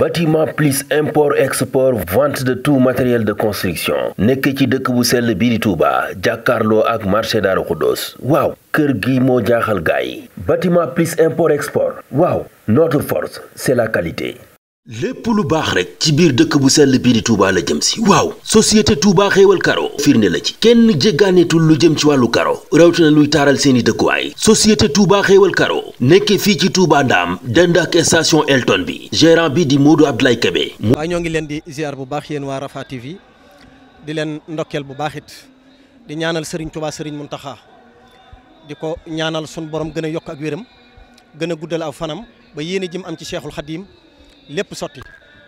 bâtiment plus import export vente de tout matériel de construction nekk ci dëkk bu sell bii di Touba jàkkaarloo ak marché Daaru dos waaw kër gi moo jaaxal gaay yi bâtiment plus import export waaw notre force c'est la qualité lépp lu baax rek ci biir dëkk bu sell bii di Touba la jëm si waaw société Touba xéewal karo firnde la ci kenn jéggaaneetul lu jëm ci wàllu karo rawatina luy taaral seeni dëkkuwaay société Touba xéewal karo nekkee fii ci Touba Ndaam dend ak station Elton bi gérant bi di Modou Abdoulaye Kébé. waaw ñoo ngi leen di ziar bu baax yéen waa Rafah TV di leen ndokkeel bu baaxit di ñaanal Serigne Touba Serigne Mountakha di ko ñaanal sun borom gën a yokk ak wéram gën a guddal aw fanam ba yéene jëm am ci Cheikhul Khadim lépp sotti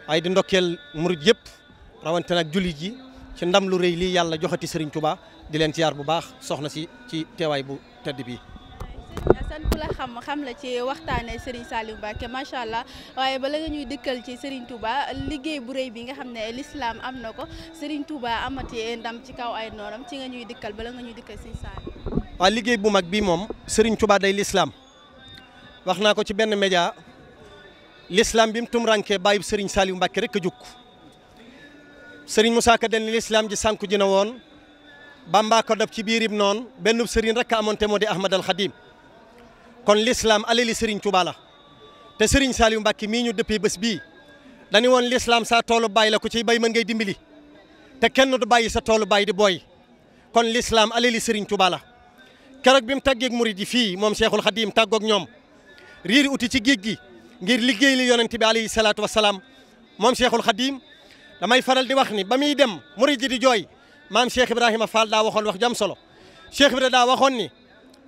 waaye di ndokkeel murit yëpp rawante nag jullit ji ci ndam lu rëy lii yàlla joxati Serigne Touba di leen ziar bu baax soxna si ci teewaay bu tedd bii. san la xam xam la ci waxtaanee Serigne Saliou Mbacké macha allah waaye bala ñuy dëkkal ci Serigne Touba liggéey bu rëy bi nga xam ne lislaam am na ko Serigne Touba amati ndam ci kaw ay noonam ci nga ñuy dikkal bala nga ñuy dëkkal si Saliou. waaw liggéey bu mag bii moom Serigne Touba day l'islam wax naa ko ci benn média. lislaam bi mu tumurankee bàyyi Serigne Saliou Mbacke rek a jukk Serigne Moussa Ka den l'islam ji sànku ji na woon Bamba ko dab ci biirim noonu benn Serigne rek a amoon te moo di Ahmad al Khadim kon l'islam alali sëriñ Touba la te Serigne Saliou Mbacke mii ñu dëppee bés bii dañu woon l'islam saa toolu bàyyi la ko ci bay mën ngay dimbali te kenn du bàyyi sa toolu bàyyi di booy kon l'islam alali Serigne Touba la keroog bi mu tàggeeg murid ji fii moom Cheikhul Khadim tàggoog ñoom riiri uti ci géej gi. ngir liggéey li yonent bi alayhi salaatu wasalaam moom cheikhul xadim damay faral di wax ni ba muy dem murid ji di jooy maam cheikh ibrahima fall daa waxoon wax jam solo cheikh bi daa waxoon ni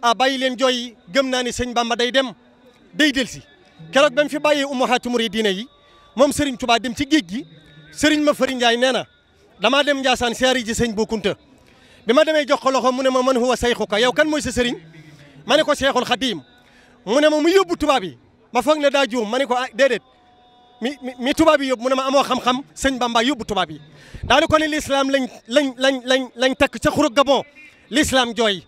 a bàyyi leen jooy yi gëm naa ni sëñ bamba day dem day delsi keroog ba mu fi bàyyee ummahaatu diina yi moom Serigne Touba dem ci géej gi Serigne ma fëri Ndiaye nee na damaa dem Ndiassane siyaari ji sëñ bu Kunta bi ma demee jox ko loxo mu ne ma man huwa sayxuka yow kan mooy sa Serigne ma ne ko Seexul Xadiim mu ne ma mu yóbbu tubaab yi ma foog ne daa juum ma ne ko ah déedéet mi mi tubaab yi yóbbu mu ne ma amoo xam-xam sëñ Bamba yóbbu tubaab yi daanu ko ne l'islam lañ lañ lañ lañ lañ takk ca xuru Gabon l'islam jooy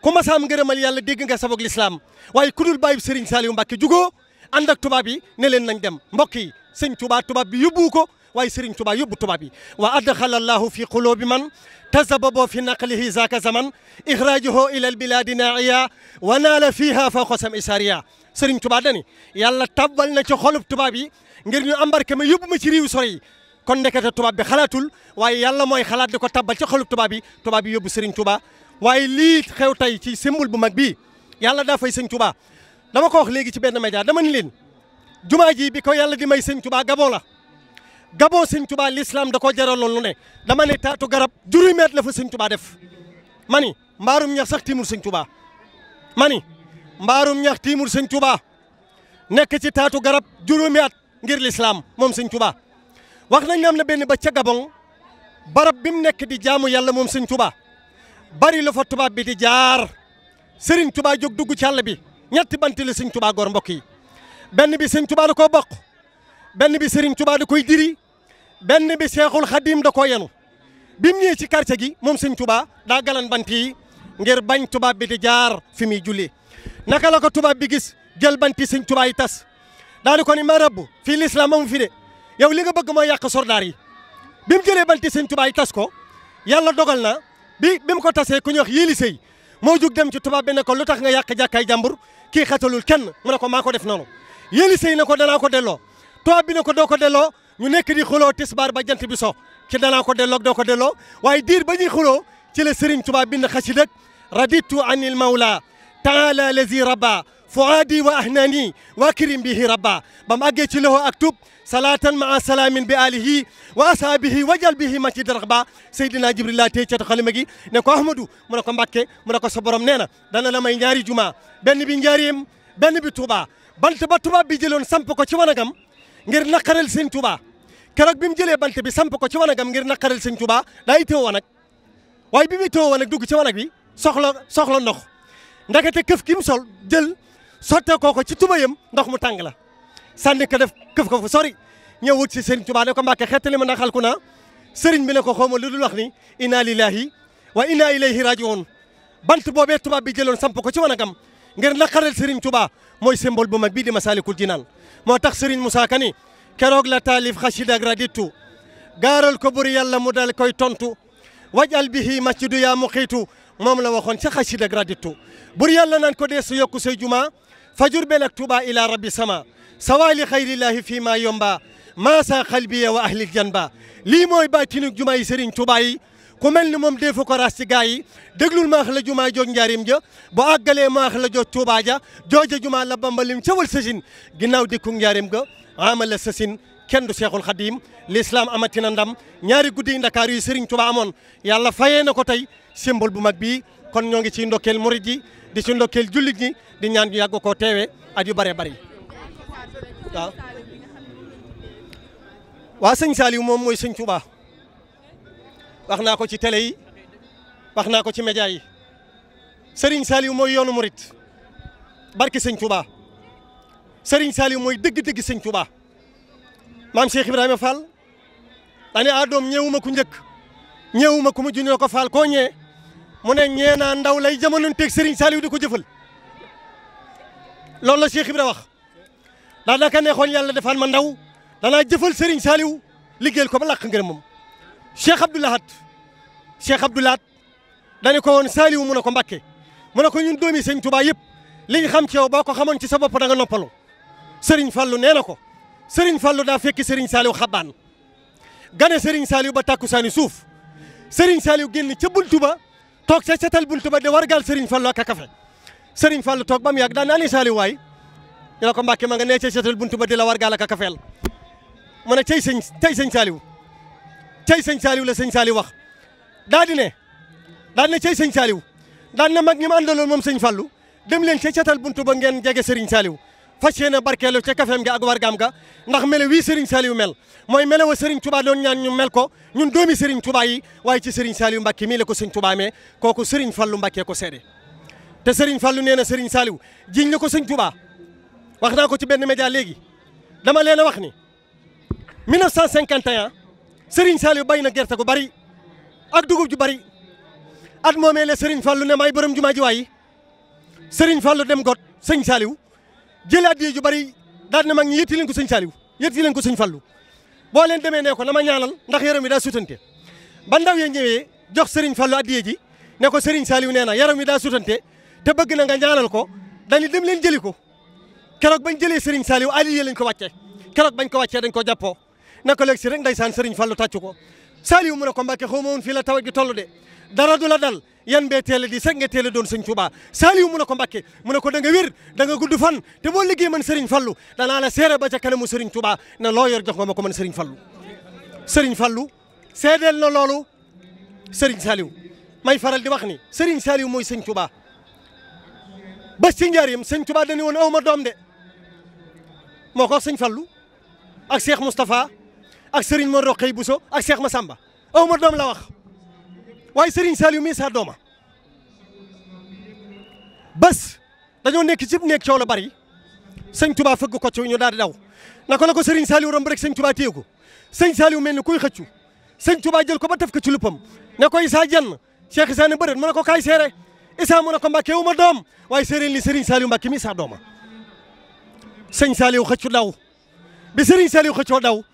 ku masaam ngërëmal yàlla dégg nga sabog l'islam waaye ku dul bàyyi Serigne Saliou Mbacke jugoo ànd ak tubaab yi ne leen nañ dem mbokk yi sëñ Touba tubaab bi yóbbu ko waaye Serigne Touba yóbbu tubaab yi wa adxala allahu fi qulubi man tasababo fi naqlihi zaaka zaman ixraajuhu ila albiladi naaiya wa naala fiha fawqa sam isaariya sëriñ Tuubaa dani yàlla tabbal na ci xolub tubaab yi ngir ñu embarqué ma yóbbu ma ci réew sore yi kon ndekete tubaab bi xalaatul waaye yàlla mooy xalaat di ko tabbal ci xolub tubaab yi tubaab yi yóbbu sëriñ Tuubaa waaye lii xew tey ci symbole bu mag bii yàlla daa fay sëñ Tuubaa dama ko wax léegi ci benn média dama ni leen jumaa ji bi ko yàlla di may sëñ Tuubaa Gabon la Gabon sëñ Tuubaa lislaam da koo jaraloon lu ne dama ne taatu garab juróomi at la fa sëñ Tuubaa def mani mbaarum ñax sax timul sëñ Tuubaa mbaarum ñax tiimul sëñ Touba nekk ci taatu garab juróomi at ngir lislaam moom sëñ wax nañ ne am na benn ba ca Gabon barab bi mu nekk di jaamu yàlla moom sëñ Touba bari la fa tubaab bi di jaar sëriñ tubaa jóg dugg ci àll bi ñetti banti la sëñ Touba gor mbokk yi benn bi sëñ Touba ko koo bokk benn bi sëriñ Touba da koy diri benn bi Seexul Xadiim da koo yenu bi mu ci quartier gi moom sëñ Touba daa galan bant yi ngir bañ tubaab bi di jaar fi muy julli naka la ko tubaab bi gis jël banti sëñ Tuubaa yi tas daal di ko ni ma rabbu fii lislaam amu fi de yow li nga bëgg mooy yàq sordaar yi bi mu jëlee banti sëñ Tuubaa yi tas ko yàlla dogal na bi mu ko tasee ku ñuy wax yéeli sëy moo jug dem ci tubaab bi ne ko lu tax nga yàq jàkkaay jàmbur kii xatalul kenn mu ne ko maa ko def noonu yéeli sëy na ko danaa ko delloo tubaab bi ne ko doo ko delloo ñu nekk di xuloo tisbaar ba jant bi so ci danaa ko delloo doo ko delloo waaye diir ba ñuy xuloo ci la Serigne Touba bind xasida raditu anil mawla taala lazi rabba fuaadi wa ahnani wa kirim bihi rabba ba mu àggee ci loxo ak tub salatan maa salaamin bi alihi wa asaabihi wa jal bihi maci darax ba Seydina Jibril laa tey catu xalima gi ne ko Ahmadu mu ne ko Mbàkke mu ne ko sa borom nee na dana la may ñaari juma benn bi njaareem benn bi Tuuba bant ba tubaab bi jëloon samp ko ci wanagam ngir naqaral sëñ Tuuba keroog bi mu jëlee bant bi samp ko ci wanagam ngir naqaral sëñ Tuuba daa itteewoo wanag waaye bi mu itteewoo wanag dugg ci wanag bi soxla soxla ndox ndakate këf gi mu sol jël sottee koo ko ci tubayam ndox mu tàng la sànni ko def këf ko fu sori ñëw wut si Serigne Touba ne ko Mbàkke xettali ma naxal ku naa Serigne bi ne ko xawma lu dul wax ni inna lillahi wa inna ilayhi rajiun bant boobee tubaab bi jëloon sampo ko ci wanagam ngir naqaral Serigne Touba mooy symbole bu mag bii di Masaalikul Jinaan moo tax Serigne Moussa Ka ni keroog la taalif xasida ak raditu gaaral ko buri yàlla mu dal koy tontu wajal bihi masjidu yaa muxiitu moom la waxoon ca xasida ak raditu bur yàlla naan ko dee su yokku say juma fajur bel ak tuba ila rabbi sama sawaali xayrillahi fii maa yomba maasa xalbiya wa ahlil janba lii mooy ba baatinu juma yi Serigne Touba yi ku mel ni moom defu ko raas ci gaa yi déglul maax la jumaa jooj njaarim ja bu àggalee maax la jooj Touba ja jooja jumaa la bambalim cawal sasin ginnaaw dikku njaarim ga amal la sasin kenn du seexul xadim l'islam amatina ndam ñaari guddi ndakaar yi Serigne Touba yàlla fayee na ko tey symbole bu mag bii kon ñoo ngi ciy ndokkeel murit ji di ci ndokkeel jullit ñi di ñaan ñu yàgg koo teewee at yu bare bëri waa sëñ Saliou moom mooy sëñ Touba wax naa ko ci télé yi wax naa ko ci média yi Serigne Saliou mooy yoonu murit barki sëñ Touba Serigne Saliou mooy dëgg-dëgg sëñ Touba maam Cheikh Ibrahima Fall. aadoom a doom ñëwuma ku njëkk ñëwuma ku mujj ñoo ko faal koo ñee mu ne ñeenaa ndaw lay jamono teg Serigne Saliou di ko jëfal loolu la Cheikh da wax ndax daka neexoon yàlla defaan ma ndaw danaa jëfal Serigne Saliou liggéeyal ko ba làq ngërëm moom Cheikh Abdou Lahad Cheikh Abdou Lahad dañu ko woon Saliou mu ne ko Mbàkke mu ne ko ñun doomi Sëñ Tuubaa yëpp li xam ci yow boo ko xamoon ci sa danga da nga noppalu Serigne Fallou nee na ko sëriñ Fallou daa fekki Serigne Saliou xabaan gane Serigne Saliou ba tàkkusaani suuf Serigne Saliou génn ca buntu toog sa setal buntu ba di wargal seriñ Fallou ak kafe Serigne Fallou toog ba mu yàgg daan naa ni Saliou waay ñu ko Mbàkke ma nga nee cay setal buntu ba de la wargal ak kafeel mu ne cay sëñ cay sëñ Saliou cay sëñ Saliou la sëñ Saliou wax daa di ne daa di ne cay sëñ daan na mag ñi ma àndaloon moom sëñ Fallou dem leen ca setal buntu ba ngeen jege Serigne saaliw fas yéene barkeelu ca kafeem ga ak wargaam ga ndax mele wii Serigne Saliou mel mooy mele wa Serigne Touba doon ñaan ñu mel ko ñun doomi Serigne Touba yi waay ci Serigne Saliou Mbacké mii la ko Serigne Touba mee kooku Serigne fallu Mbacké ko seede te Serigne Fallou nee na Serigne Saliou jiñ la ko Serigne Touba wax naa ko ci benn média léegi dama leen a wax ni 1951 Serigne Saliou bay na gerte gu bari ak dugub ju bari at moomee la Serigne Fallou ne may borom jumaa ji waayi Serigne Fallou dem got Serigne Saliou jëlee addiya ju bari daal na mag ñi yëtti leen ko sëñ Saliou yëtti leen ko sëñ Fallou boo leen demee ne ko na ma ñaanal ndax yaram wi daa sutante ba ndaw yee ñëwee jox Serigne Fallou addiya ji ne ko Serigne Saliou nee na yaram wi daa sutante te bëgg na nga ñaanal ko dañu dem leen jëli ko keroog bañ jëlee Serigne Saliou aliye lañ ko wàccee keroog bañ ko wàccee dañ ko jàppoo na ko léegi si rek ndeysaan Serigne Fallou tàccu ko Saliou mu ne ko Mbacke xaw ma woon fii la tawat gi toll de dara du dal yan bee teel a di sax nga teel a doon sëñ Tuubaa Saaliw mu ne ko Mbakke mu ne ko da nga wér da nga gudd fan te boo liggéey man Serigne Fallou danaa la seere ba ca kanamu Serigne Tuubaa na loo yor jox nga ma ko man Serigne Fallou Serigne Fallou seedeel na loolu Serigne Saaliw may faral di wax ni Serigne Saaliw mooy sëñ Tuubaa ba si njaareem sëñ Tuubaa dañu woon aw ma doom de moo ko sëñ fallu ak Cheikh Moustapha ak Serigne Mor Roqay Bousso ak Cheikh Massamba aw ma doom la wax. waaye Serigne Saliou mii saa dooma bés dañoo nekk ci nekk coow la bari sëñ Touba fëgg ko ci ñu daal di daw naka la ko Serigne Saliou romb rek sëñ Touba téye ko sëñ Saliou mel ni kuy xëccu sëñ Touba jël ko ba tef ko ci luppam ne ko Issa Diagne Cheikh Issa ne bëreet mu ne ko kaay seere Issa mu ne ko Mbacke wu ma doom waaye séeréer li Serigne Saliou Mbacke mi saa dooma sëñ Saliou xëccu daw bi Serigne Saliou xëccoo daw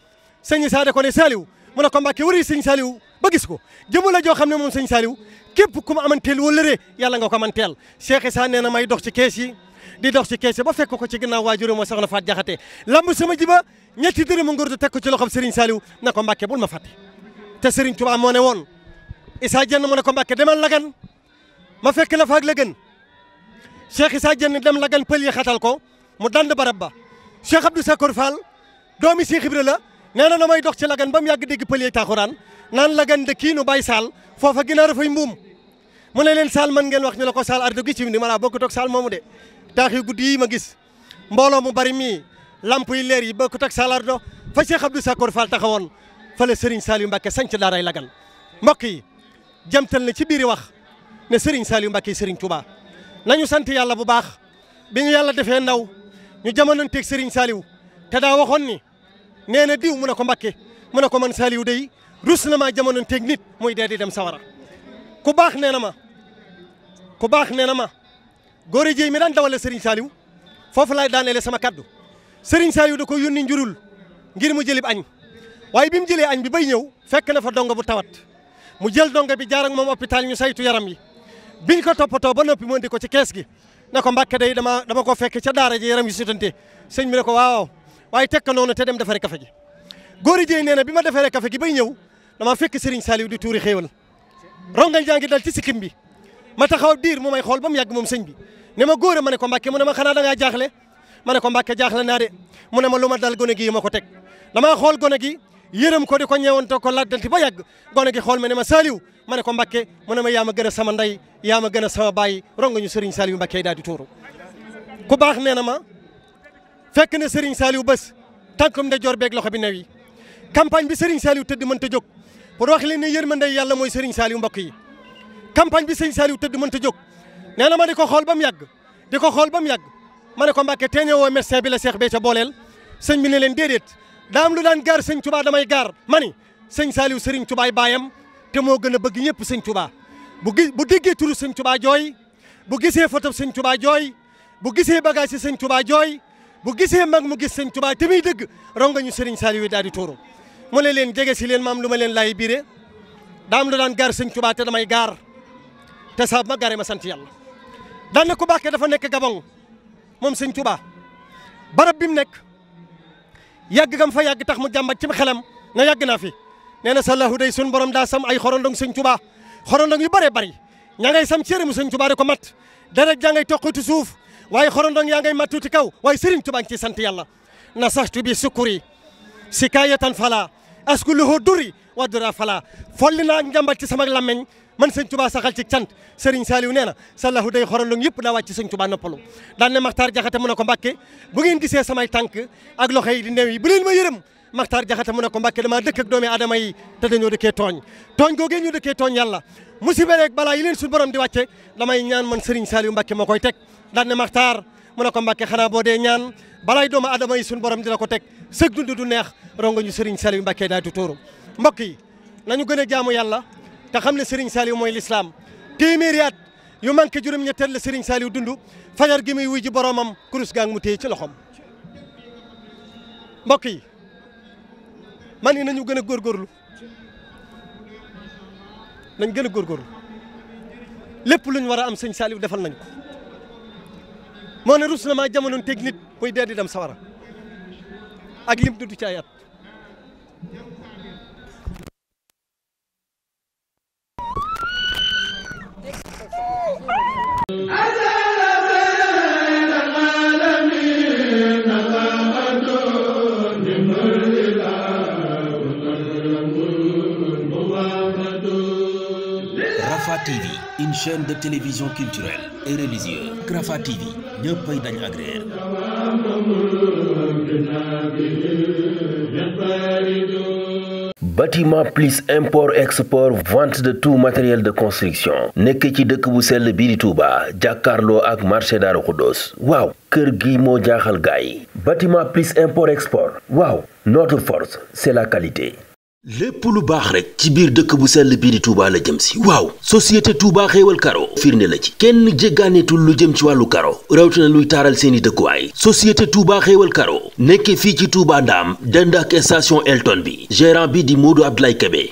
sëñ Issa da ko ne Saliou mu ne ko Mbàkke wari sëñ Saliou ba gis ko jëmu la joo xam ne moom sëñ Saliou képp ku mu amanteel wëllëree yàlla nga ko amanteel Cheikh Issa nee na may dox ci kees yi di dox si kees bo ba fekk ko ci ginnaaw waajur moo soxna Faat Jaxate lamb sama jiba ñetti dërëm ngor du teg ko ci loxob Serigne Saliou na ko Mbàkke bul ma fàtte te Serigne Touba moo ne woon Issa Diène mu ne ko Mbàkke demal lagan ma fekk la faak la gën Cheikh Issa Diène dem lagan pël yi ko mu dand barab ba Cheikh Abdou Sakor Fall doomi Cheikh la nee na damay dox ci lagan ba mu yàgg dégg pël yeeg taaxuraan naan lagan de bay saal foofa ginaar dafay mbuum mu ne leen saal man ngeen wax ñu la ko saal ardo gi ci ni ma laa bokk toog saal moomu de taax guddi yi ma gis mbooloo mu bari mii lamp yi leer yi bokk toog saal ardo fa Cheikh Abdou Sakor Fall taxawoon fale Serigne Saliou Mbacke sanc daaray lagan mbokk yi jëmtal na ci biiri wax ne Serigne Saliou Mbacke Serigne Touba nañu sant yàlla bu baax bi ñu yàlla defee ndaw ñu jamonoonteeg Serigne Saliou nee na diw mu ne ko mbakke mu ne ko man Saliou day rus na maa jamono teeg nit muy dee dem sawara ku baax nee na ma ku baax nee na ma góor jéy mi daan dawale Serigne Saliou foofu laay daaneele sama kaddu Serigne Saliou de ko yónni njurul ngir mu jëlib añ waaye bi mu jëlee añ bi bay ñëw fekk ne fa donga bu tawat mu jël donga bi jaar ak moom hôpital ñu saytu yaram yi biñ ko toppatoo ba noppi mu indi ko ci kees gi na ko mbàkke day dama dama ko fekk ca daara ji yaram yi sëñ bi ne ko waaw waaye teg ko noonu te dem defaree kafe gi góor yi nee na bi ma defaree kafe gi bay ñëw dama fekk Serigne Saliou di tuuri xéewal rongañ jaa ngi dal ci sikkim bi ma taxaw diir mu may xool ba mu yàgg moom sëñ bi ne ma góor a ma ne ko mbàkke mu ne ma xanaa danga ngaa jaaxle ma ne ko mbàkke jaaxle naa de mu ne ma lu ma dal gone gi ma ko teg damaa xool gone gi yërëm ko di ko ñeewante ko laddanti ba yàgg gone gi xool ma ne ma Saliou ma ne ko mbàkke mu ma yaa ma a sama ndey yaa ma gën sama baay rongañu Serigne Saliou Mbàkke daal di tuuru ku baax nee na ma fekk na Serigne Saliou bés tànkum da joor beeg loxo bi new yi campagne bi Serigne Saliou tëdd mënta jóg pour wax leen ne yërmande yàlla mooy Serigne Saliou mbokk yi campagne bi Serigne Saliou tëdd mënta jóg nee na ma di ko xool ba mu yàgg di ko xool ba mu yàgg ma ne ko Mbàkke tee ñëwoo médecin bi la Seex Béthio booleel sëñ bi ne leen déedéet daam lu daan gaar sëñ Touba damay gaar ma ni sëñ Saliou Serigne Toubaay baayam te moo gën a bëgg ñëpp sëñ Touba bu gis bu déggee turu sëñ Touba jooy bu gisee photo sëñ jooy bu gisee bagage sëñ Touba jooy bu gisee mag mu gis sëñ Tuubaa te muy dëgg ronga ñu sëriñ Saliou yi daal di tuuru mu ne leen jege si leen maam lu ma leen laay biire daam lu daan gaar sëñ Tuubaa te damay gaar te saa ma gaare ma sant yàlla daan na ko bàkke dafa nekk Gabon moom sëñ Tuubaa barab bi mu nekk yàgg gam fa yàgg tax mu jàmbat ci xelam na yàgg naa fi nee na sallahu day sun borom daa sam ay xorondong sëñ Tuubaa xorondong yu bëree bëri ña ngay sam cërimu sëñ Tuubaa di ko mat dara jaa toq toqati suuf waaye xorondong yaa ngay mat tuuti kaw waaye Serigne Touba ngi ciy sant yàlla nasaxtu bi sukuri si kaayatan fala askuluhu duri wadura fala folli naa njàmbat ci sama lammeñ man sëñ Touba saxal ci cant Serigne Saliou nee na sallahu day xorondong yëpp daa wàcc sëñ Touba noppalu daan ne Makhtar Diakhaté mu ne ko Mbàkke bu ngeen gisee samay tànk ak loxo yi di néew yi bu leen ma yërëm Makhtar Diakhaté mu ne ko Mbàkke damaa dëkk ak doomi aadama yi te dañoo dëkkee tooñ tooñ tooñ yàlla musiba rek balaa yi leen suñu borom di wàcce damay ñaan man Serigne Saliou Mbacke moo koy teg daan ne Maxtaar mu ko Mbacke xanaa boo dee ñaan balaay doomu adama yi suñu borom di ko teg sëg dund du neex rongo ñu Serigne Saliou Mbacke daal di tuuru mbokk yi nañu gën a jaamu yàlla te xam ne Serigne Saliou mooy lislaam téeméeri at yu manqué juróom-ñetteel la Serigne Saliou dund fajar gi muy wuy ji boromam kurus gaang mu téye ci loxom mbokk yi man ni nañu gën a góorgóorlu nañ gën a góorgóorlu lépp lu ñu war a am sëñ Saliou defal nañ ko moo ne rus na maa jamonoon teg nit muy dee di dem sawara ak lim dudd ci ay TV une plus import export vente de tout matériel de construction nekk ci dëkk bu sell bii di Touba jàkkaarloo ak marché Daaru Xuddoos waaw kër gi moo jaaxal gaay bâtiment plus import export waaw notre force c'est la qualité lépp lu baax rek ci biir dëkk bu sell bii di Touba la jëm si waaw société Touba xéewal karo firnde la ci kenn jéggaaneetul lu jëm ci wàllu karo rawatina luy taaral seeni dëkkuwaay société Touba xéewal karo nekke fii ci Touba Ndaam dend ak station Elton bi gérant bi di Modou lay Kébé